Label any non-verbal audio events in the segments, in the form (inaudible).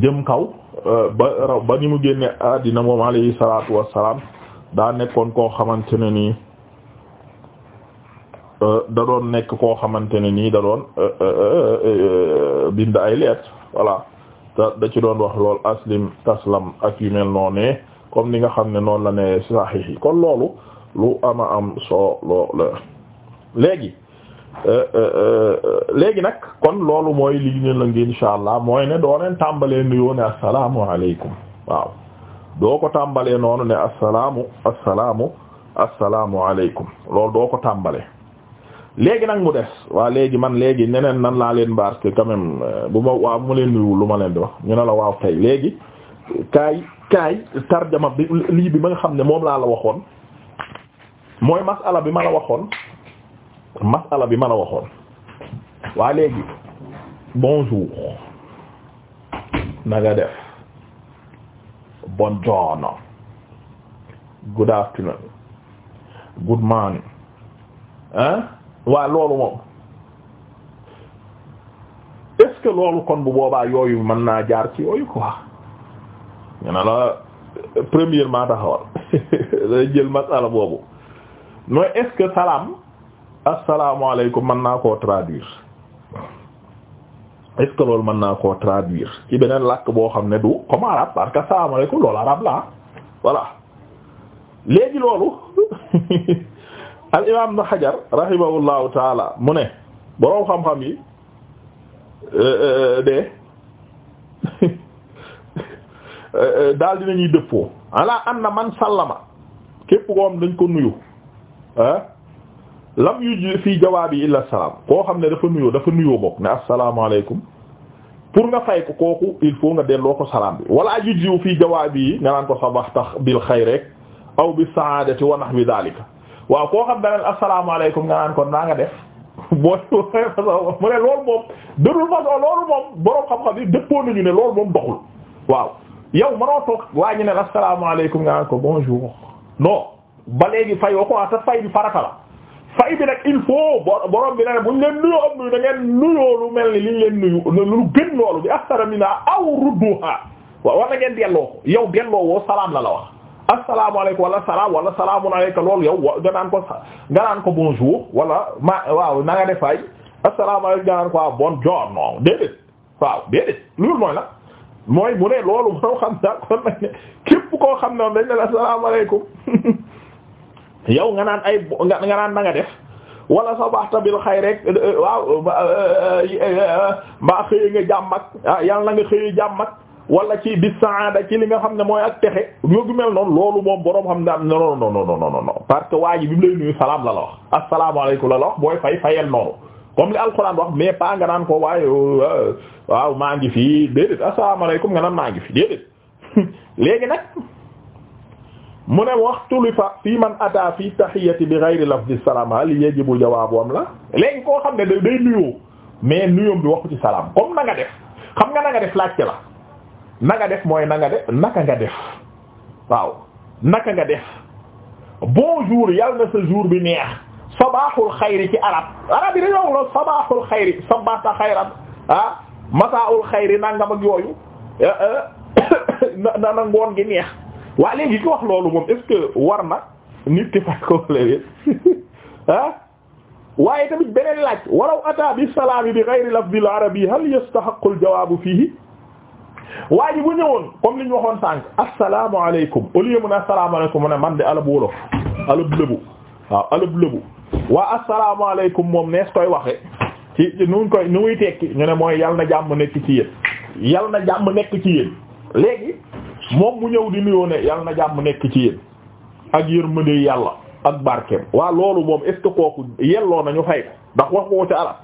jëm kaw euh, ba ba ni mu génne àddina moom alayhi salaatu wassalaam daa nekkoon koo xamante ne nii euh, da nekk koo xamante ne nii da doon euh, bind ay leet voilà da ci doon wax lool aslim taslam ak yu mel comme ni nga xam ne noonu la ne sahih yi kon loolu lu ama am soo loo la léegi Euh, euh, euh, léegi nag kon loolu mooy lii ñu la ngi insha allah mooy ne doo leen tàmbalee nuyoo ne assalaamu alaykum waaw doo ko tàmbalee noonu ne assalaamu assalaamu assalaamu alaykum loolu doo ko tàmbalee léegi nag mu des waa léegi man léegi neneen nan laa leen mbaar que bu ma waaw bu ma leen nuyu lu ma leen di wax ñu ne la waaw tey léegi kaay kaay tarjama bi lii bi ma nga xam ne moom laa la waxoon mooy masala bi ma la waxoon masala bi man a waxoon waa léegi bonjour na nga def buongiorno good afternoon good morning hein waa loolu moom est loolu kon bu boobaa yooyu mën naa jaar ci yooyu quoi ñu ne la premièrement taxawal (laughs) day jël masala boobu mooy est-ce salaam asalaamaaleykum mën naa koo traduire est loolu mën naa ko traduire ci beneen làkk boo xam ne du comme arabe parce que asalaamaaleykum loolu arabe la voilà léegi loolu (laughs) al imaam na xajar rahimahullahu taala mu ne boroom xam-xam yi euh, euh, de (laughs) daal dinañuy dëppoo ala anna man sallama képp ko am dañ ko nuyu lam yu fii jawaabi illa salaam koo xam ne dafa nuyoo dafa nuyoo bokk ne asalaamaaleykum pour nga fay ko kooku il faut nga delloo ko salaam bi wala yujziu fii jawaabi yi nga naan ko sabax tax bil xayr rek aw bi saadati wa nahwi daalika waaw koo xam ne asalaamaaleykum nga naan ko naa nga def (laughs) boo (laughs) mu ne loolu moom dërul façon loolu moom borom xam-xam yi dëppoo nañu ne loolu moom doxul waaw yow mënoo toog waa ñu ne nga naan ko bonjour non ba fayoo ko ah, fay bi nag il faut borom bi nag bu leen nuyoo am nuyu da ngeen nuyoo lu mel ni li ñu leen nuyu lu gën loolu bi ahsana minha aw rudduha waaw war na ngeen delloo yow delloo woo salaam la la wax asalaamaaleykum wala salaam wala salaamun aleyka loolu yow wa ganaan ko ganaan ko ma waaw na nga def ay asalaamaaleykum ganaan ko waaw buongiorno déedéet waaw déedéet loolu mooy la mooy mu ne loolu (laughs) moo xam daal kon nag ne képp koo xam ne dañ ne la asalaamaaleykum (laughs) yow nga naan ay nga naan na nga def wala sa baxta bil xay rek eh, eh, waaw eh, mbaa xëye nga jàmm ak ah, yal na nga xëye jàmm ak wala ci bi saada ci li nga xam ne mooy ak texe yoogu mel noonu loolu moom boroom xam ne am non non non non parce que waa ji bi mu lay nuyu salaam la la wax asalaamaaleykum la la wax booy fay fayel noonu comme li alxuraan wax mais pas nga naan ko waaye waaw maa ngi fii déedéet asalaamaaleykum nga naan maa ngi fi déedéet (laughs) léegi nag mu ne waxtu li fa man ata fii taxiyati bi gayri lafdi salaam hal yajibu jawaabu am la léegi koo xam ne da day nuyoo mais nuyoom bi waxu ci salaam comme na def xam nga na def laaj la nanga def mooy nanga nga def naka nga def waaw naka nga def bonjour yal na sa jur bi neex sabaaxul xayri ci arab arab yi dañoo wax sabaaxul xayri sabaata xayran ah masaa'ul xayri nangam ak yooyu eh, eh, (coughs) na na ngoon gi neex waa léegi ki wax loolu moom est que war na nit ki fay ko léegi (laughs) ah waaye tamit beneen laaj walaw ata bi salaami bi ghayri la al arabi hal ak al jawaabu fiihi waa ji bu ñëwoon comme li ñu waxoon sànq assalaamu alaykum au lieu mu ne assalaamu alaykum man de alab wolof alab lëbu waaw alab lëbu waa assalaamu alaykum moom nees koy waxe ci ci nu koy nu muy tekki ñu ne mooy yal na jàmm nekk ci yéen yal na jàmm nekk ci yéen léegi moom mu ñëw di nuyoo ne yàlla na jàmm nekk ci yéen ak yërmande yàlla ak barkeem waa loolu moom est ce que kooku yelloo nañu fay ndax wax ci arab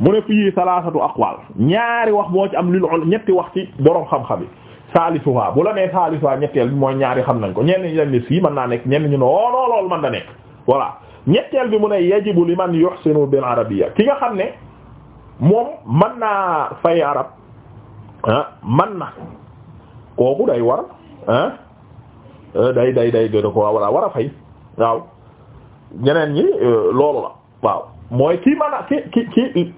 mu ne fii salaasatu aqwaal ñaari wax moo ci am lil ul ñetti wax ci borom xam-xam yi saalisuwaa bu la nee saalisuwaa ñetteel bi mooy ñaari xam nañ ko ñeen ñi dañ mën naa nekk ñenn ñu ne oo oh, non loolu mën nekk voilà ñetteel bi mu ne yajibu liman yuhsinu bil arabiyya ki nga xam ne moom mën naa fay arab ah na. kooku day war ah day day day da ko wala war a fay waaw ñeneen ñi euh, loolu la waaw mooy ki man ki ki ki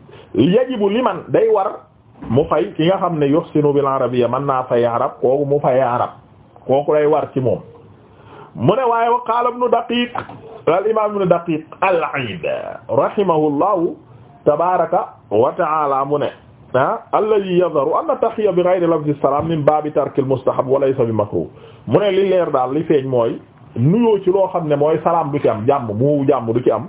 yajibu li day war mu fay ki nga xam ne yuhsinu bil arabiyya mën naa fay arab kooku mu fay arab kooku day war ci moom mu ne waaye wa qaala ibnu al imam ibnu daqiq al aid rahimahullahu tabaraka wa mu ne ah alladi yadaru anna taxiya bi ghayri lafzi salaam min baabi tarkil mustahab wa laysa bi makruh mu ne li leer daal li feeñ mooy nuyoo ci loo xam ne mooy salaam du ci am jàmm mu jàmm du ci am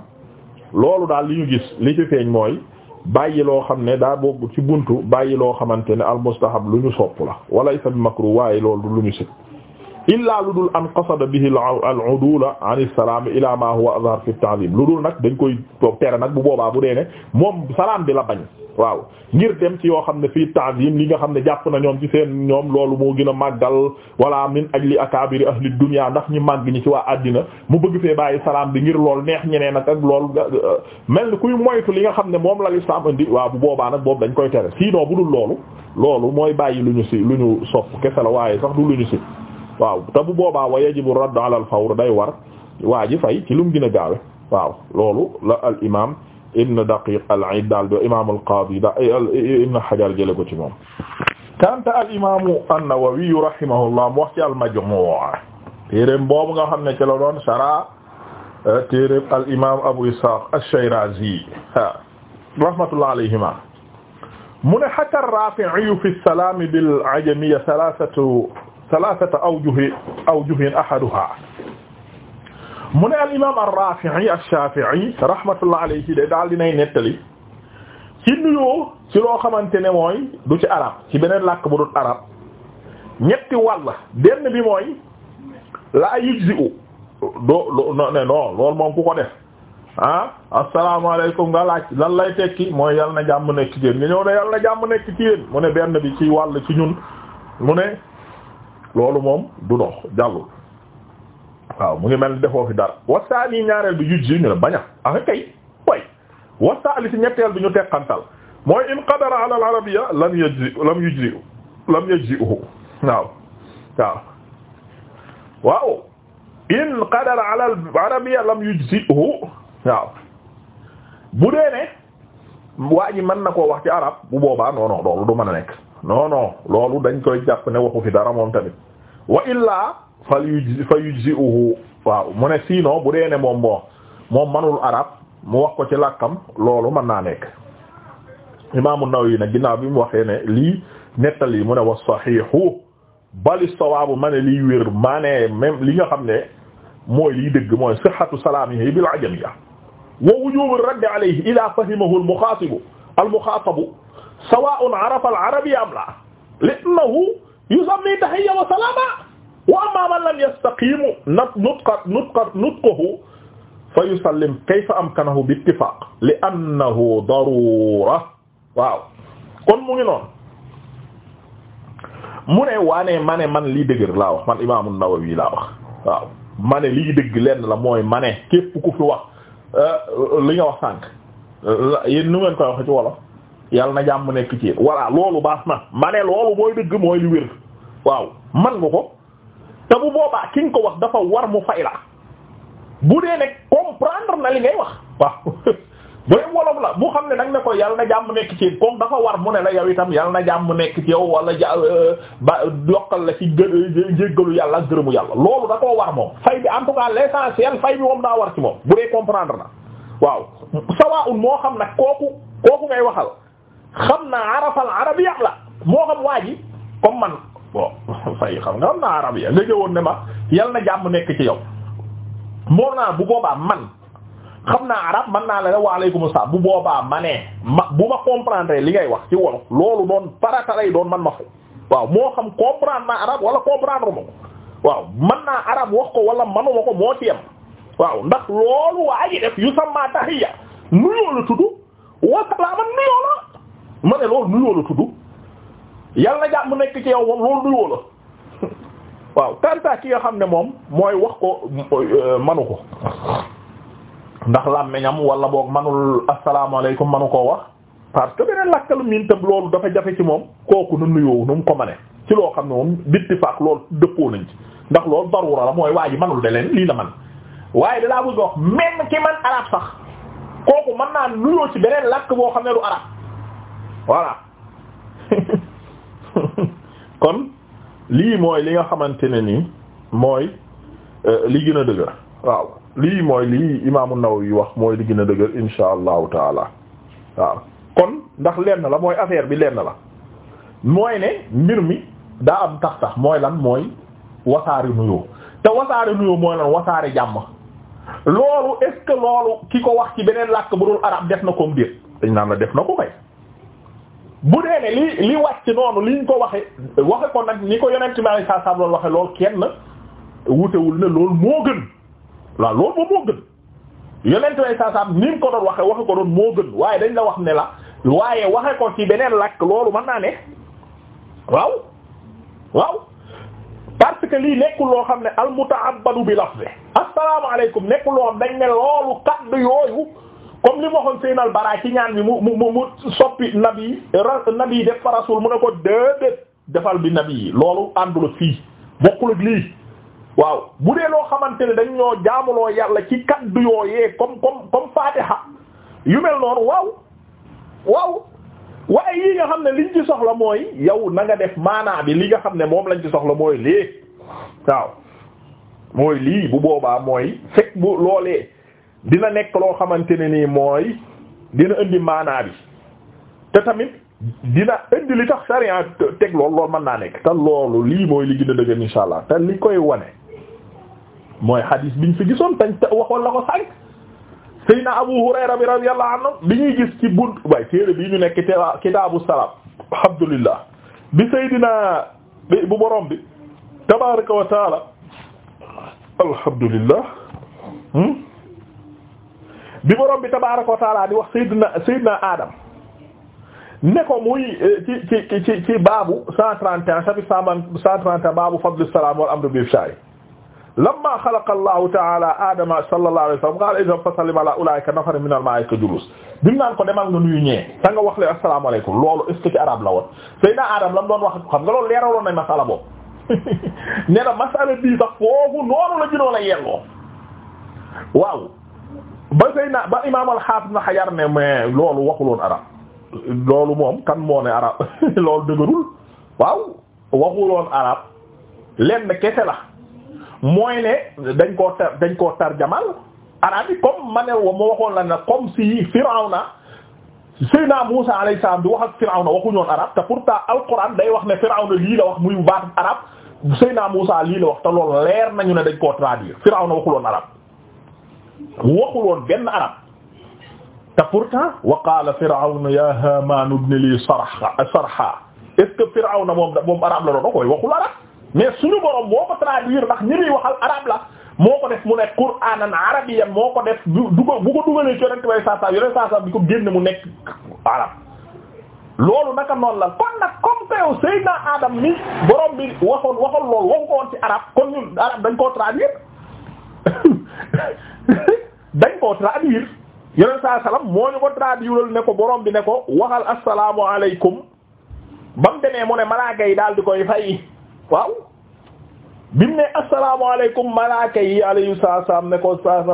loolu daal li ñu gis li ci feeñ mooy bàyyi loo xam ne daal bokk ci buntu bàyyi loo xamante ne al mustahab lu ñu sopp la wala laysa bi makruh waaye loolu du lu ñu sit illaa lu dul an qasada bihi al udula an isalaam ila ma huwa azhar fi ta'zim lu dul nag dañ koy tere nag bu boobaa bu dee ne moom salaam bi la bañ waaw ngir dem ci yoo xam ne fii ta'zim li nga xam ne jàpp na ñoom ci seen ñoom loolu moo gën a màggal wala min ajli akabiri ahli dunya ndax ñi màgg ñi si waa àddina mu bëgg fee bàyyi salaam bi ngir lool neex ñeneen ak ak lool mel ni kuy moytu li nga xam ne moom la lislaam indi waa bu boobaa nag boobu dañ koy tere sinon bu dul loolu loolu mooy bàyyi lu ñu si lu ñu sopp kese la lu ñu si waaw te bu boobaa wa yajibu radd ala al fawr day war waa ji fay ci lu mu gën a gaawe waaw loolu la al imam ibn daqiq al aid daal do imam al qadi da ibn hajar jële ko ci moom kanta al imamu an-nawawi rahimahullah mu wax ci al majmu' téeréem boobu nga xam ne ci la doon sara téeréem al imam abu ishaq ash-shirazi rahmatullah alayhima mu ne hakka ar-rafi'i fi as-salam bil ajamiyya thalathatu salaasata awjuh awjuh ahaduha mu ne al imaam ar-Raafi'i ash-Shaafi'i rahmatullah alayhi de daal dinay nettali ci nuyoo ci loo xamante ne mooy du ci arab ci beneen làkk bu dul arab ñetti wàll benn bi mooy laa yujzi'u doo no ne moom ku ko def ah asalaamaaleykum nga laaj lan lay tekki mooy yal na jàmm nekk ci yéen nga ñëw ne yal na jàmm nekk ci yéen mu ne benn bi ci wàll ci ñun mu ne loolu moom du dox jàllul waaw mu ngi mel ni defoo fi dara wasaani ñaareel bi yuj ji ñu ne bañ a ah kay way wasaali si ñetteel bi ñu teqantal mooy in qadara ala al yu lam yujzi lam yujzi lam yujzihu waaw waaw waaw in qadara ala al arabiyya lam yujzihu waaw bu dee ne waa ji mën na koo wax ci arab bu boobaa non non loolu du mën a nekk. non no loolu dañ koy jàpp ne waxu fi dara moom tamit wa illaa fal yuj fa yujzi'uhu waaw mu ne sinon bu dee ne moom moo manul arab mu wax ko ci làkkam loolu mën naa nekk imaamu Nawawi nag ginnaaw bi mu waxee ne lii nettali mu ne wa sahihu bali sawaabu ma ne liy wér maa li nga xam ne mooy liy dëgg mooy salaam salaamihi bil ajamiyya wa wujubu raddi alayhi ila fahimahu al muxaatibu al muxaatabu sawaa'un arafa al-arabi am la li'annahu yusammi tahiyya wa salaama wa ammaa man lam yastaqim nutqa nutqa nutquhu fa yusallim kayfa amkanahu bi ittifaaq li'annahu daruura waaw kon mu ngi noonu mu ne waane ma man lii dëgër laa wax man Imaam An-Nawawi laa wax ma ne lii dëgg lenn la mooy ma ku fi wax euh, li nga wax sànq euh, yéen nu ngeen koy wax ci wolof. yàlla na jàmm nekk ci voilà loolu baax na ma ne loolu mooy dëgg mooy li wér waaw man nga ko te bu boobaa ki nga ko wax dafa war mu fay la bu dee nag comprendre na li ngay wax waaw (laughs) booy wolof la bu xam ne danga ne ko yàlla na jàmm nekk ci comme dafa war mu ne la yow itam yàlla na jàmm nekk ci yow wala ja euh, ba yokkal la ci gë jéggalu yàlla ak gërëmu yàlla loolu da koo war moom bi en tout cas l'essentiel fay bi moom daa war ci moom bu dee comprendre na moo xam nag kooku kooku ngay waxal. xam naa arab arabiya la moo xam waa ji comme man bon (laughs) xam nga xam naa arabiya nga jëwoon ne ma yal na jàmm nekk ci yaw moo naa bu boobaa man xam naa arab man naa la ne waaleykum salaam bu boobaa ma nee ma bu ma comprendre li ngay wax ci loolu doon parata lay doon man ma fay waaw moo xam comprendre naa arab wala comprendre ma mo waaw man naa arab wax ko wala manuma ko moo ci yem waaw ndax loolu waa ji yu sama tahiya nuyoo la tudd wasalaama nuyoo la ma ne loolu nuyoo la tudd yàlla na jàmm nekk ci yow moom loolu nuyoo la (laughs) waaw kanta ki nga xam ne moom mooy wax ko euh, manu ko ndax làmmiñam wala boog manul asalaamaaleykum manu koo wax parce que beneen lakkalu miin tëb loolu dafa jafe ci moom kooku na nuyoo nu mu ko mane ci loo xam ne moom bittifaak loolu dëppoo nañ ci ndax loolu darura la mooy waa ji manul de leen lii la man waaye dalaa bëgg wax même ki man arab sax kooku mën naa nuyoo ci beneen làkk boo xam ne voilà (laughs) kon lii mooy li nga xamante ne nii mooy euh, li gën a dëgër waaw lii mooy lii imaamu Nawawi wax mooy li gën a dëgër insha allahu taala waaw kon ndax lenn la mooy affaire bi lenn la mooy ne mbir mi daa am tax tax mooy lan mooy wasaare nuyoo te wasaare nuyoo mooy lan wasaare jàmm loolu est loolu ki ko wax ci beneen làkk bu dul arab def na koom déet dañ naan la def na ko kay bu dee ne li li wàcc noonu ñu ko waxe waxe ko nag ni ko yonent bi saa saa loolu waxe lool kenn wutewul ne loolu moo gën waaw loolu moom moo gën yonent bi saa saa ni mu ko doon waxe waxe ko doon moo gën waaye dañ la wax ne la waaye waxe ko ci beneen làkk loolu mën naa ne waaw waaw parce que lii nekkul loo xam ne al muta'abbadu bi lafzi assalaamu alaykum nekkul loo xam dañ ne loolu kaddu yooyu comme li ma waxoon Seynal Bara ci ñaan bi mu mu mu soppi nabi yi def fa rasul mu ne ko déedéet defal bi nag yi loolu àndul fii bokkul ak lii waaw bu dee loo xamante ne dañ ñoo jaamuloo yàlla ci kaddu yooyee comme comme comme Fatiha yu mel noonu waaw waaw waaye yi nga xam ne liñ ci soxla mooy yow na nga def maanaa bi li nga xam ne moom lañ ci soxla mooy lii waaw mooy lii bu boobaa mooy fekk bu loolee. dina nekk loo xamante ne nii mooy dina indi maanaa bi te tamit dina indi li tax sariya teg lool loolu mën naa nekk te loolu lii mooy li gën a dëgër insha allah te li koy wane mooy xadiis biñ fi gisoon tañ te waxoon la ko sànq Seydina Abu Hurayra bi radiyallahu anhu bi ñuy gis ci bunt waaye téere bii ñu nekk kitaabu salaam alhamdulillah bi Seydina bi bu borom bi tabaaraka wa alhamdulillah hmm? bi borom bi tabaaraka wa taala di wax sayyidina sayyidina Adam ne ko muy eh, ci ci ci ci baabu 131 chapitre 131 baabu fadl as-salaam wal amru bil ifshaa'i lamma xalaqa Allahu ta'ala Adama sallallahu alayhi wa sallam qaala idhab fa sallim ala ulaa'ika nafarin mina al-malaa'ikati julus bi mu naan ko demal nga nuyu ñee ta nga wax leen assalaamu alaykum loolu est ce que ci arabe la woon Seydina Adam la mu doon wax xam nga loolu leeraloon nañ masala boobu (laughs) nee na masala bii sax foofu noonu la gënoon a yelloo waaw ba Seyna ba imaam al-Hafiz na Hajar ne mais loolu waxuloon arab loolu moom kan moo ne arab (laughs) loolu dëgërul waaw waxuloon arab lenn kese la mooy ne dañ koo tar dañ koo tarjamal arab yi comme ma ne ma waxoon la ne comme si Firawna Seyna Musa alayhi salaam di wax ak Firawna waxuñoon arab te pourtant alquran day wax ne Firawna lii la wax muy baat arab Seyna Musa lii la wax te loolu leer nañu ne dañ koo traduire Firawna waxuloon arab waxul woon benn arab te pourtant wa qaala firawna ya hamaan ibni lii sarha sarha est-ce que firawna moom moom arab la doon da koy waxul arab mais suñu borom moo ko traduire ndax ñi wax waxal arab la moo ko def mu nekk qur'aanan arabiyyan moo ko def du ko bu ko dugalee ci yonent way saasaam yonent saasaam bi ko génn mu nekk arab loolu naka noonu la kon nag comme que yow Seydina Adam mi borom bi waxoon waxoon waxu ko woon ci arab kon ñun arab dañ koo traduire (laughs) dañ koo traduire yeneen saa salaam moo ñu ko traduire ne ko borom bi ne ko waxal assalaamu alaykum ba mu demee mu ne malaaka daal di koy fay waaw bi mu ne assalaamu alaykum malaaka alayhi salaam ne ko sa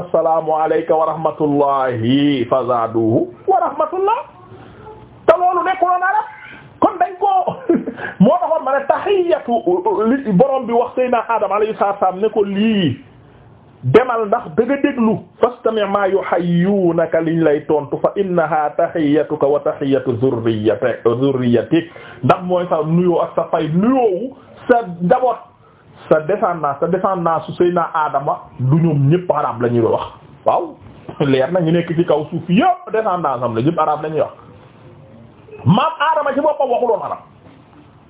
alayka wa rahmatullahi fa zaaduhu wa rahmatullah te loolu nekkuloon arab kon dañ koo (laughs) moo taxoon ma ne taxiyatu borom bi wax Seydina Adam alayhi salaam ne ko lii demal ndax dëgg déglu fastami' ma yuhayyunaka liñ lay tontu fa innaha tahiyyatuka wa tahiyyatu zurriyyatik zurriyyatik ndax mooy sa nuyoo ak sa fay nuyoowu sa njaboot sa descendance sa descendance su Adama du ñoom ñëpp arab la ñuy wax waaw leer na ñu nekk ci kaw suuf yëpp descendance am la ñëpp araab la ñuy maam Adama ci boppam waxuloon arab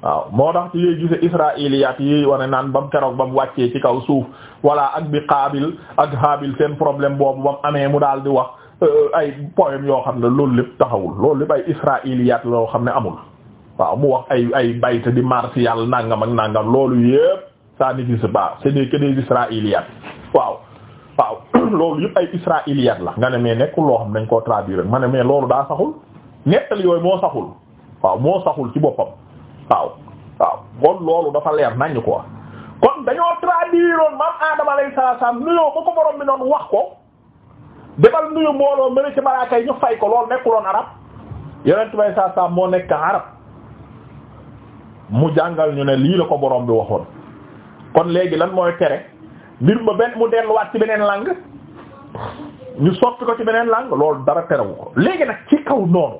waaw moo tax ci yooyu gise israiliyaat yi wane naan ba mu keroog ba mu wàccee ci kaw suuf walla ak bi Qaabil ak Haabil seen problème boobu ba mu amee mu daal di wax euh, ay poème yoo xam ne loolu lépp taxawul loolu lépp ay israiliyaat loo xam ne amul waaw mu wax ay ay bayte di marsi yàlla nangam ak nangam loolu yépp ça n'existe pas ce n'est que des israiliyaat waaw waaw (coughs) loolu yépp ay israiliyaat la nga ne mais nekkul loo xam ne dañ koo traduire ma ne mais loolu daa saxul nettali yooyu moo saxul waaw moo saxul ci boppam waaw waaw kon loolu dafa leer nañu ko kon dañoo traduire woon maam Adama alayhi salaam nuyoo ba ko borom bi noonu wax ko defal nuyu mbooloo mën ci malaaka yi ñu fay ko loolu nekkuloon arab yonent bay saa saa moo nekk arab mu jàngal ñu ne lii la ko boroom bi waxoon kon léegi lan mooy tere mbir ma benn mu delluwaat ci beneen langue ñu soppi ko ci beneen langue loolu dara terewu ko léegi nag ci kaw noonu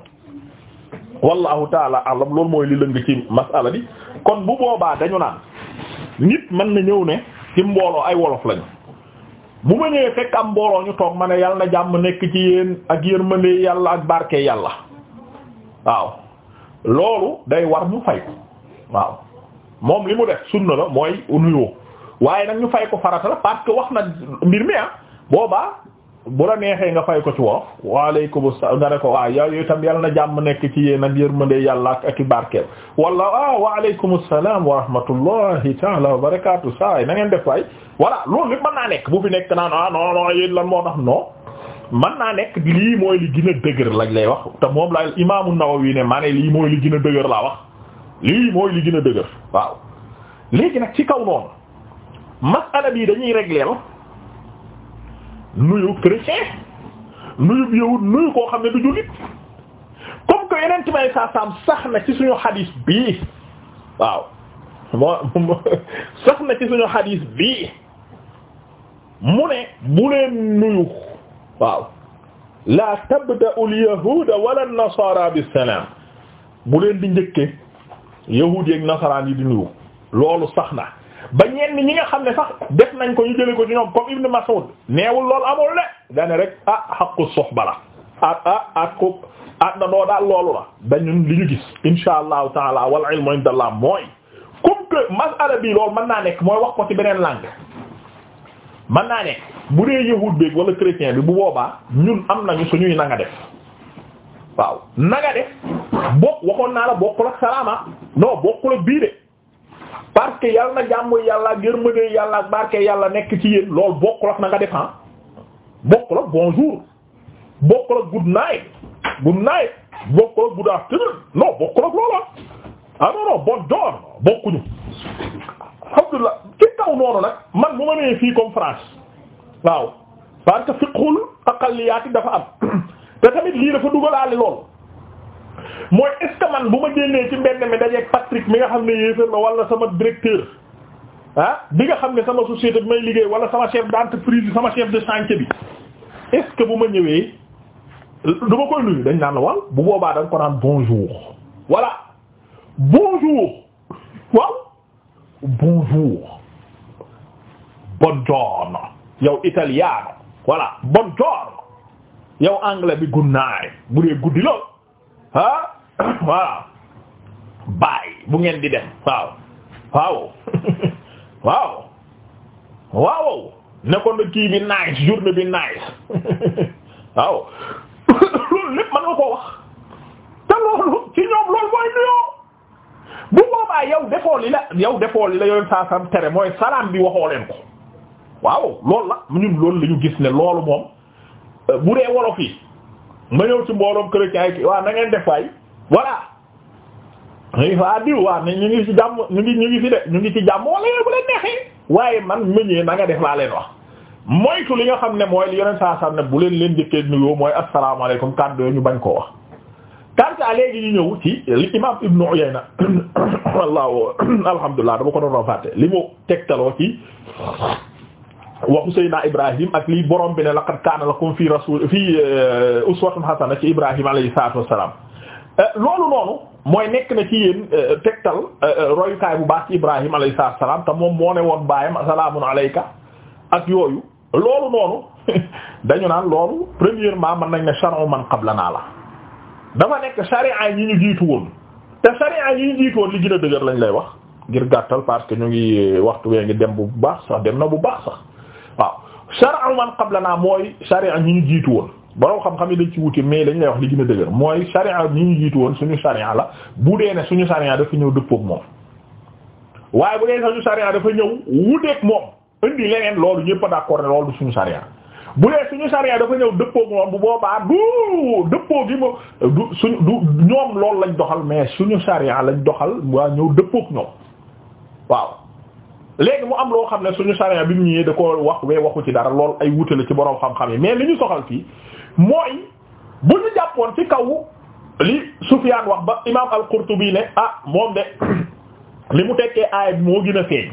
wallahu taala alam loolu mooy li lëng ci masala bi kon bu boobaa dañu naan nit mën na ñëw ne ci mbooloo ay wolof lañu bu ma ñëwee fekk am mbooloo ñu toog ma ne yàlla na jàmm nekk ci yéen ak yërmande yàlla ak barke yàlla waaw loolu day war ñu fay ko waaw moom li mu def sunna la mooy nuyoo waaye nag ñu fay ko farata la parce que wax na mbir mi ah boobaa bu la neexee nga fay ko ci wolof waaleykum salaam nga ne ko waaw yow itam yal na jàmm nekk ci yéen ak yërmande yàlla ak ak i barkeel wala ah waaleykum salaam wa rahmatullahi taala wa barakaatu saa yi na ngeen def waay voilà loolu lépp mën naa nekk bu fi nekk naan ah non non yéen lan moo tax non mën naa nekk lii mooy li gën a dëgër lañ lay wax te moom la imaamu Nawawi ne maa ne lii mooy li gën a dëgër laa wax lii mooy li gën a dëgër waaw léegi nag ci kaw noonu masala bi dañuy régler nuyu chrétien nuyu yawut nuyu koo xam ne du jullit comme que yeneen may saa sax na ci suñu xadiis bii waaw moo sax na ci suñu xadiis bii mu ne bu leen nuyu waaw la tabda'u al-yahuuda wala an salaam bu leen di njëkke yahuud yeek nasaraan yi di nuyu loolu sax na ba ñenn ñi nga xam ne sax def nañ ko ñu jëlee ko ci ñoom comme Ibn Mas'ud neewul loolu amul ne dane rek ah xaqu soxba la ah ah ah ko àndandoo ah, daal loolu la dañun li ñu gis insha allahu taala wal ilmu indallah mooy comme que masala bi loolu mën naa nekk mooy wax ko ci beneen langue mën naa nekk bu dee yahud beeg wala chrétien bi bu boobaa ñun am nañu suñuy nanga def waaw nanga def bokk waxoon naa la bokkul ak salaama non bokkul ak bii de parce que yàlla na jàmm yàlla ak yërmande yàlla ak barke yàlla nekk ci yéen loolu bokkul ak na nga def ah bokkul bonjour bokkul ak good night good night bokkul ak good afternoon non bokkul ak loola ah. ah non non bonjour bokkuñu. alhamdulilah ci kaw noonu nag man bu ma nee fii comme France waaw parce que fiqhul aqalliyat dafa am (coughs) te tamit lii dafa dugalaale lool. mooy est man bu ma génnee ci mbedd mi dajeeg Patrick mi nga xam ne yéefar la wala sama directeur ah bi nga xam ne sama société bi may liggéey wala sama chef d'entreprise sama chef de chantier bi est bu ma ñëwee du ma koy nuyu dañ naan waaw bu boobaa dañ ko naan bonjour voilà bonjour waaw bonjour buongiorno yow italiano voilà buongiorno yow anglais bi good night bu dee guddi lool ah (coughs) waaw baay bu ngeen di dem waaw waaw (laughs) waaw waaw na kii bi nice journée bi nice (laughs) waaw (coughs) loolu lépp mën nga koo wax te loolu ci ñoom loolu mooy nuyoo bu boobaa yow defoo li la yow defoo yi la yow saa sam tere mooy salaam bi waxoo leen ko waaw loolu la ñun loolu la ñu gis ne loolu moom bu dee wolof yi ma ñëw ci mbooloom chrétien yi waaw na ngeen def waay voilà ñu fa diw ñu ngi ci jàmm ñu ngi ñu ngi fi de ñu ngi ci jàmm wala bu leen neexee waaye man meññee na def laa leen wax moytu li nga xam ne mooy li yeneen saa saa ne bu leen leen jëkkee nuyoo mooy asalaamaaleykum kàddu yooyu ñu bañ koo wax. kanta léegi ñu ñëw ci li imam Ibnu Uyayna (coughs) wallahu (coughs) alhamdulilah dama ko doon fàtte li mu tegtaloo ci. waxu Seydina Ibrahim ak lii borom bi ne laqad kaana lakum fii rasul fii euh, uswatun hasana ci Ibrahim alayhi salaatu wassalaam euh, loolu noonu mooy nekk na ci yéen euh, tegtal royukaay bu baax ci Ibrahim alayhi salaatu wassalaam te moom moo ne woon baayam salaamun alayka ak yooyu loolu noonu (laughs) dañu naan loolu premièrement mën nañ ne shar'u man qablanaa la dafa nekk sharia yi ñu jiitu woon te sharia yi ñu jiitu woon li gën dëgër lañ lay wax ngir gàttal parce que ñu ngi waxtu wee ngi dem bu baax dem na bu baax sax shar'u man naa mooy sharia ñi ñu jiitu woon borom xam-xam yi dañ ci wuti mais dañ lay wax li gën a dëgër mooy sharia ñi ñu jiitu woon suñu sharia la bu dee ne suñu sharia dafa ñëw dëppook moom waaye bu dee suñu sharia dafa ñëw wuteek moom indi loolu ñëpp d'accord loolu suñu sharia bu dee suñu sharia dafa ñëw dëppook moom bu boobaa du dëppoo gi ma du du ñoom loolu lañ doxal mais suñu sharia lañ doxal waa ñëw dëppook ñoom waaw léegi mu am loo xam ne suñu sariya bi mu ñëwee da ko wax wee waxu ci dara lool ay wute la ci borom xam-xam yi mais li ñu soxal fii mooy bu ñu jàppoon ci kaw li Sufyaan wax ba imaam al-Qurtubi ne ah moom de li mu tekkee aaya bi moo gën a feeñ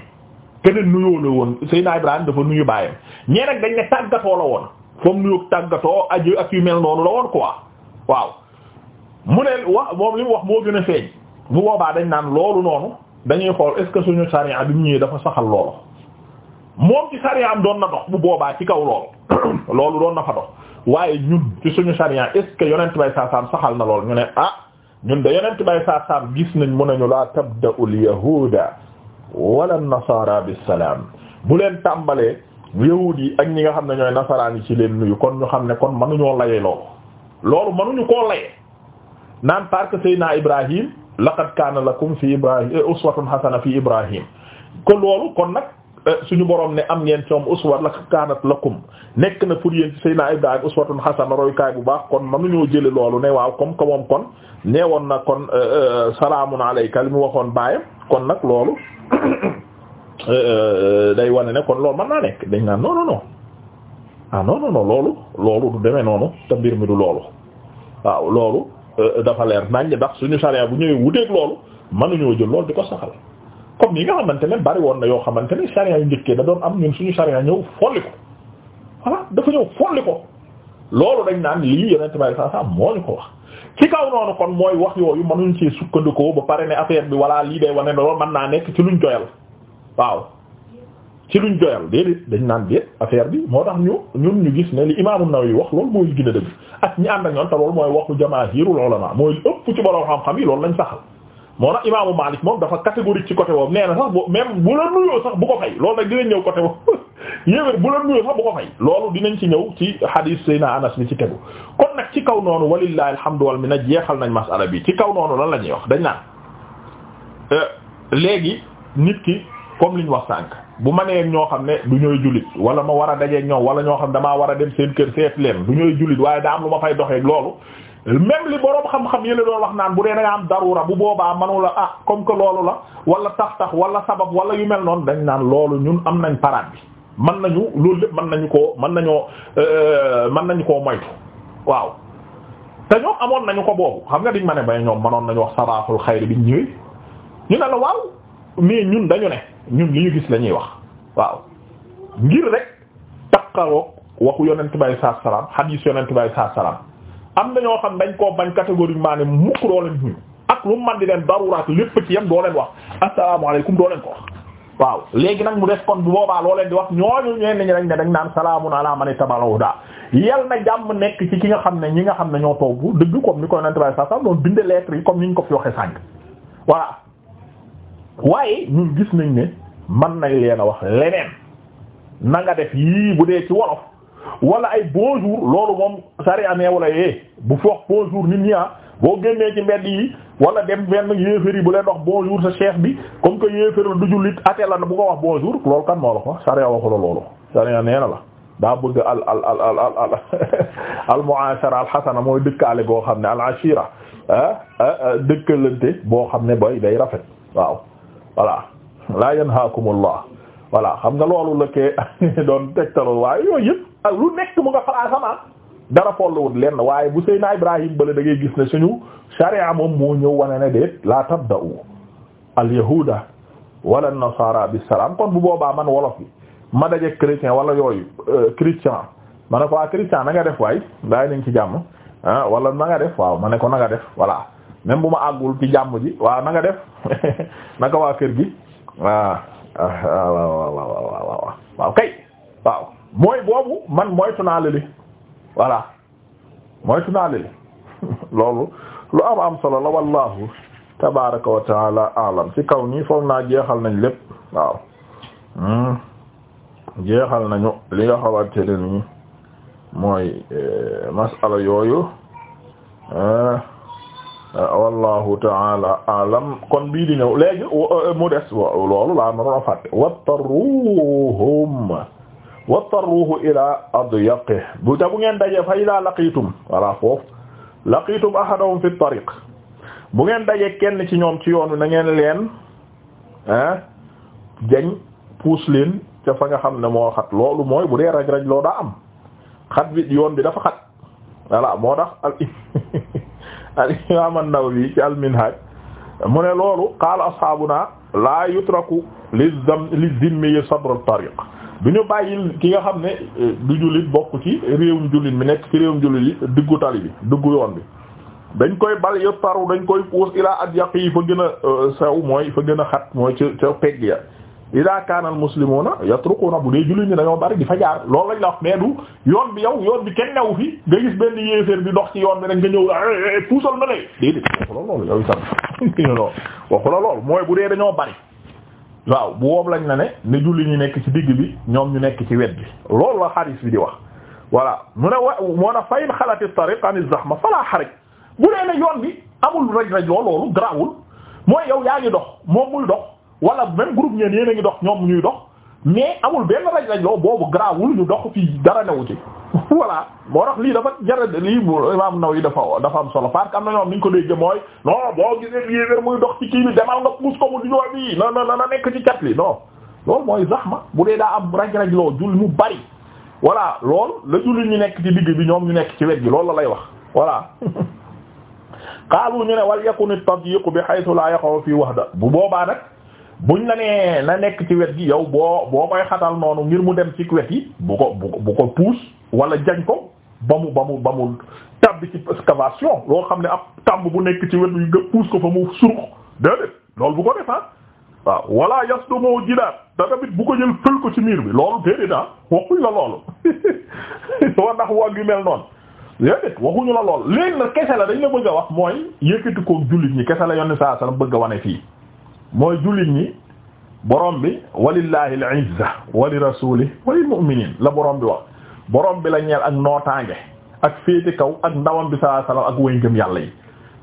keneen nuyoo la woon Seydina Ibrahima dafa nuyu baayam ñee nag dañ ne tàggatoo la woon foom nuyoog tàggatoo aju ak yu mel noonu la woon quoi waaw mu ne wax moom li mu wax moo gën a feeñ bu boobaa dañ naan loolu noonu. dañuy xool est-ce que suñu sariya bi mu ñëwee dafa saxal loolu moom ci sariyaam doon na dox bu boobaa ci kaw loolu (coughs) loolu doon na fa dox waaye ñun ci suñu sariya est-ce que yonent bay saasaam saxal na loolu ñu ne ah ñun de yonent bay saasaam gis nañ mu nañu laa tabda'ul yahuda wala nasaara bisalaam bu leen tàmbalee yahuud yi ak ñi nga xam ne ñooy nasaraan yi ci leen nuyu kon ñu xam ne kon mënuñoo layee loolu loolu mënuñu koo layee naan parce que laqad kaana lakum fi ibrahim eh, uswatun hasana fi ibrahim ko loolu kon nag eh, suñu borom ne am ngeen coom uswat laqad kaanat lakum nekk na pour yéen ci sayna ibrahim uswatun hasana roykaay bu baax kon mënuñoo jële loolu ne waaw comme que moom kon nee woon na kon eh, salaamun alayka li mu waxoon baayam kon nag loolu (coughs) day wane ne kon loolu mën naa nekk dañ naan non non non ah loolu loolu du demee noonu te mbir mi du loolu waaw loolu Euh, dafa leer nañ ndax suñu sariya bu ñëwee wuteeg loolu mënuñoo jël loolu di ko saxal comme yi nga xamante ne bari woon na yoo xamante ne sariya yu njëkkee da doon am ñun suñu sariya ñëw folli ko voilà dafa ñëw folli ko loolu dañ naan lii yonent bay saa saa moo ñu ko wax ci kaw noonu kon mooy wax yooyu mënuñ ci sukkandikoo ba pare ne affaire bi walla lii day wane ne loolu mën naa nekk ci luñ doyal waaw ci luñ doyal déedéet dañ naan déet affaire bi moo tax ñu ñun ñu gis ne li imaamu Nawawi wax loolu mooy gën a dëgg ak ñi ànd ak ñoom te loolu mooy waxu jamaahirul ulama mooy ëpp ci borom xam-xam yi loolu lañ saxal. moo tax imaamu Maalik moom dafa catégorique ci côté boobu nee na sax même bu la bu ko fay loolu rek dinañ ñëw côté boobu (laughs) yéen bu la nuyoo sax bu ko fay loolu dinañ ci ñëw ci hadis Seyna Anas bi ci tegu kon nag ci kaw noonu walillahi alhamdu wal minna jeexal nañ masala bi ci kaw noonu lan la ñuy wax dañ naan euh, léegi nit ki comme wax sànk bu ma ñoo xam ne du ñooy jullit wala ma war a dajeeg ñoom wala ñoo xam damaa war a dem seen kër seet leen du ñooy jullit waaye daa am lu ma fay doxeeg loolu même li boroom xam-xam yi doon wax naan bu dee da nga am darura bu boobaa manu la ah comme que loolu la wala tax-tax wala sabab wala yu mel noon dañ naan loolu ñun am nañ parade bi mën nañu loolu lépp mën nañu ko mën nañoo euh, mën nañu koo moytu waaw te ñoo amoon nañu ko boobu xam nga diñ ma ñoom mënoon nañu wax sabaaxul xayri biñ ñëwee ñu ne la waaw mais ñun dañu ne ñun li ñu gis la ñuy wax waaw ngir rek taqaloo waxu yonent bay saa salaam hadis yonent bay saa salaam am na ñoo xam dañ koo bañ catégoriquement ne mukk doo leen ñu ak lu man di leen daruraat lépp ci yam doo leen wax asalaamaaleykum doo leen ko wax waaw léegi nag mu des kon bu boobaa loo leen di wax ñooñu ñeen ñi dañ ne dañ naan salaamun ala man tabalaw daa yal na jàmm nekk ci ki nga xam ne ñi nga xam ne ñoo toog bu dëgg comme ni ko yonent bay saa comme ni ñu ko fi waxee sànq voilà waaye ñun gis nañ ne man nañ leen a wax leneen na nga def yii bu dee ci wolof wala ay bonjour loolu moom sari amee wala yee bu fi wax bonjour nit ñi ah boo génnee ci mbedd yi walla dem benn yéefér yi bu leen wax bonjour sa chef bi comme que yéefér la du jullit ate la bu ko wax bonjour loolu kan moo la ko sari waxu la loolu sari nee na la daa bëgg al al al al al al (laughs) al al hasana mooy dëkkaale boo xam ne al ashira ah, ah dëkkalante boo xam ne bay day rafet waaw voilà laa yanhaakumullah voilà xam nga loolu la kee (laughs) doon tegtalul waaye yooyu yëpp ak lu nekk mu nga falaa sama dara folluwut lenn waaye bu Seydina Ibrahim bale da ngay gis ne suñu sharia moom moo ñëw wane ne déet la tabda'u al yahuda wala nasara bi salaam kon bu boobaa man wolof bi ma daje chrétien wala yooyu euh, chrétien ma ne ko waa ah, chrétien na nga def waay daay nañ ci jàmm ah wala na nga def waaw ma ne ko na def voilà même bu ma àggul ci jàmm ji waaw na nga def (laughs) naka waa kër gi ah, waaw waaw waaw waaw kay waaw mooy boobu man moytu naa lële voilà moytu (laughs) loolu lu am am solo la wallahu tabaraka wa taala alam ci kaw nii foog naa jeexal nañ lépp waaw hmm. jeexal nañu li nga xamante nii mooy eh, masala yooyu eh. Euh, wallahu taala alam kon bii di ñëw léegi euh, mu des loolu laa naroon a fàtte wattaruhum wattaruhu ila adyaqi bu ta bu ngeen dajee fa ila laqitum wala foofu laqitum ahadahum fi tariq bu ngeen dajee kenn ci ñoom ci yoon wi na ngeen leen ah jañ puus leen ca fa nga xam ne moo xat loolu mooy bu dee raj-raj loo daa am xat bi yoon bi dafa xat voilà moo tax (laughs) al imam an-Nawawi ci al-Minhaj mu ne loolu qaala ashaabuna laa yutraku li zam li zimmi sadr at-tariq du ñu bàyyil ki nga xam ne eh, du jullit bokk ci réewum jullit bi nekk ci réewum jullit yi diggu tali bi diggu yoon bi dañ koy bal yo paru dañ koy puus ilaa adyaq yi fa gën a eh, sew mooy fa gën a xat mooy ca ca pegg ya ida kaana al muslimuna yatruquna bu dee jullit ñi dañoo bari di fa jaar loolu lañ la wax mais du yoon bi yow yoon bi kenn newu fi nga gis benn yéeféer bi dox ci yoon bi rek nga ñëw eh, eh, eh, puusal ma lay déedéet waxu la loolu yow itam loolu (laughs) la loolu mooy bu dee dañoo bari waaw bu woob lañ la ne ne julli ñu nekk ci digg bi ñoom ñu nekk ci wet bi loolu la xaris bi di wax voilà mu ne wa moo na fayin xalati tariq an zahma fala xaraj bu dee ne yoon bi amul raj raj loolu grawul mooy yow yaa ngi dox moom muy dox wala même groupe ñeen yéen a ngi dox ñoom ñuy dox mais amul benn raj raj loo boobu garaawul ñu dox fii dara newu ci (laughs) voilà moo tax lii dafa jar lii Imaam yi dafa dafa am solo parce que am na ñoom ni ñu ko dégg mooy non boo gisee muy dox ci kii bi demal nga puus ko mu diñoo bi na na nekk ci cat li non loolu mooy zaxma bu dee daa am raj raj loo jul mu bari voilà lool la jullit ñu nekk ci digg bi ñoom ñu nekk ci wet gi loolu la lay wax voilà xaalu (laughs) ñu ne wal yakun at-tadyiq bi haythu la yaqa fi wahda bu boobaa nag buñ la nee na nekk ci wet gi yow boo boo koy xatal noonu ngir mu dem ci wet yi bu ko bu ko puus wala jañ ko ba mu ba mu ba mu tàbbi ci excavation loo xam ne ab tàmb bu nekk ci wet yi nga puus ko fa mu surux déedéet loolu bu ko def ah waaw wala yas do moo bu ko jël fël ko ci miir bi loolu déedéet ah waxuñ la loolu (laughs) war ndax wag yu mel noonu déedéet waxuñu la lool léegi nag kese la dañ la bëgg a wax mooy yëkkati koog jullit ñi kese la yonni saa sallam bëgg a wane fii mooy jullit ñi borom bi walillahi al-izza wa li rasulihi wa la borom bi wax borom bi la ñeel ak nootaange ak féete kaw ak ndawam bi sallallahu ak way ngëm yàlla yi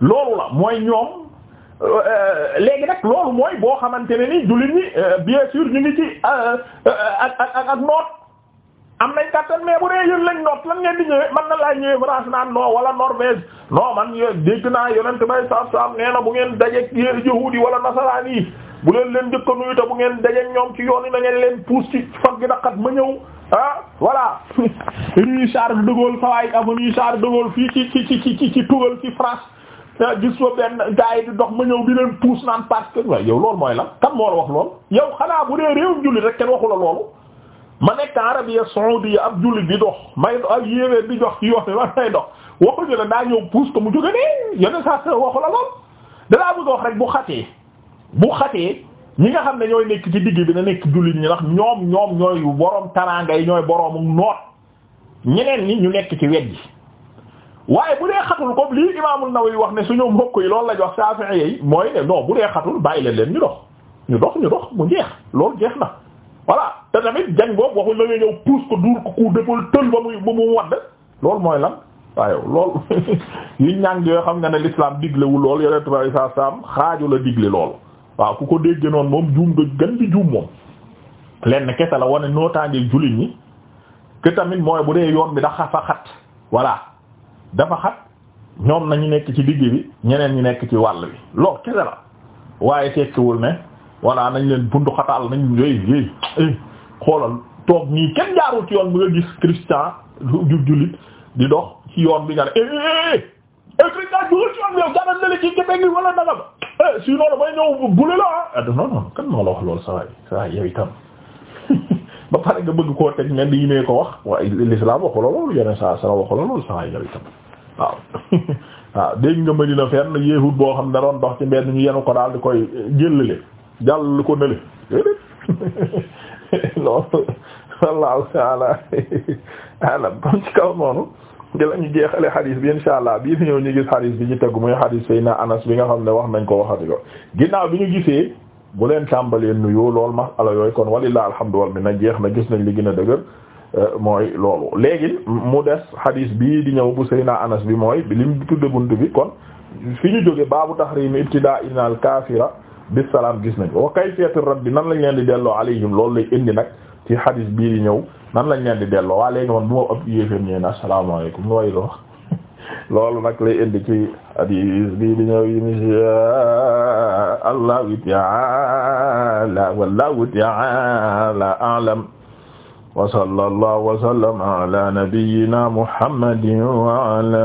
loolu la mooy ñoom euh, léegi nag loolu mooy boo xamante ne ni jullit ñi euh, bien sûr ñu ngi ci euh, ak noot am nañ kattan mais bu dee yéen lañ noot lan ngeen di ñëwee man na laa ñëwee France naan non wala Norvège non man dégg naa yonent bay saaf saaf nee na bu ngeen dajeeg yéen yi wala nasaraan yi bu leen leen njëkk a bu ngeen dajeeg ñoom ci yoon yi na ngeen leen puus ci fag gi daqat ma ñëw ah voilà. (laughs) rue Charles de Gaulle sawaay avenue Charles de Gaulle fii ci ci ci ci ci tugal ci France ah, gis nga benn gars di dox ma ñëw di leen puus naan parce que waaye yow loolu mooy lan kan moo la wax lool yow xanaa bu dee réewum jullit rek kenn waxu la loolu. ma nekk Arabie Saoudite ab jullit di dox may ak yéewéer di dox ci yoon bi man may dox waxuñu la daa ñëw puus ko mu jóge ne yone saa sa waxu la lool danaa bëgg wax rek bu xatee bu xatee ñi nga xam ne ñooy nekk ci digg bi na nekk jullit ñi ndax ñoom ñoom ñooy boroom taraanga yi ñooy boroomu noot ñeneen ñi ñu nekk ci wet gi waaye bu dee xatul comme lii Imaam Nawawi wax ne suñu mbokk yi loolu la jox Shafi'i yi mooy ne non bu dee xatul bàyyi leen leen ñu dox ñu dox ñu dox mu jeex loolu jeex na voilà te tamit jañ boobu waxuñ la ngay ñëw pousse ko duur ko ku defal tël ba muy ba mu wadd loolu mooy lan waaye lool (laughs) yu ñàng yoo xam nga ne l'islam diglewu lool yore tubaab saa saam xaaju la digle lool waaw ku ko dégg noonu moom juum nga gën di juum moom lenn kese la wane noo jullit ñi que tamit mooy bu dee yoon bi dafa xat voilà dafa xat ñoom nañu nekk ci digg bi ñeneen ñi nekk ci wàll bi lool kese la waaye tekkiwul ne voilà nañ leen buntu xataal nañ éy éy eh xoolal toog nii kenn jaarul ci yoon bi nga gis christian ju jullit di dox ci yoon bi nga ne si noonu may ñëw bule la ah. ah non non kan moo la wax loolu sawaay sawaay yow itam (laughs) ba pare nga bëgg koo teg ne di ne ko wax waaye l'islam waxu la loolu yeneen saa sara waxu la loolu sawaay yow itam waaw (laughs) dégg nga Medina fenn yéehut boo xam ne doon dox ci mbedd yenu ko daal di koy jëlale jàll ko nële (laughs) loolu wallahu taala alam kon ci kaw noonu di la jeexale xadis bi insha allah bii fi ñëw ñu gis xadis bi ñu tegu muy xadis Seydina Anas bi nga xam ne wax nañ ko waxati ko ginnaaw bi ñu gisee bu leen tàmbalee nuyoo lool masala yooyu kon walilaa alhamdu wal minna jeex na gis nañ li gën a dëgër euh, mooy loolu léegi mu des xadis bii di ñëw bu Seydina Anas bi mooy li mu tudde bunt bi kon fi ñu jóge baabu tahrimi ibtidaa'ina al kaafira bisalaam gis nañ ko wa kayfiyatu raddi nan lañ leen di delloo alayhim loolu lay indi nag ci hadis bii di ñëw nan lañ leen di delloo waa léegi man bu ma ëpp yéeféen ñeen asalaamaaleykum nooy loo (laughs) loolu nag lay indi ci hadis bii di ñëw inshaa Allahu ta'ala wallahu ta'ala a'lam wa sallallahu wa sallama ala nabiyyina Muhammadin wa ala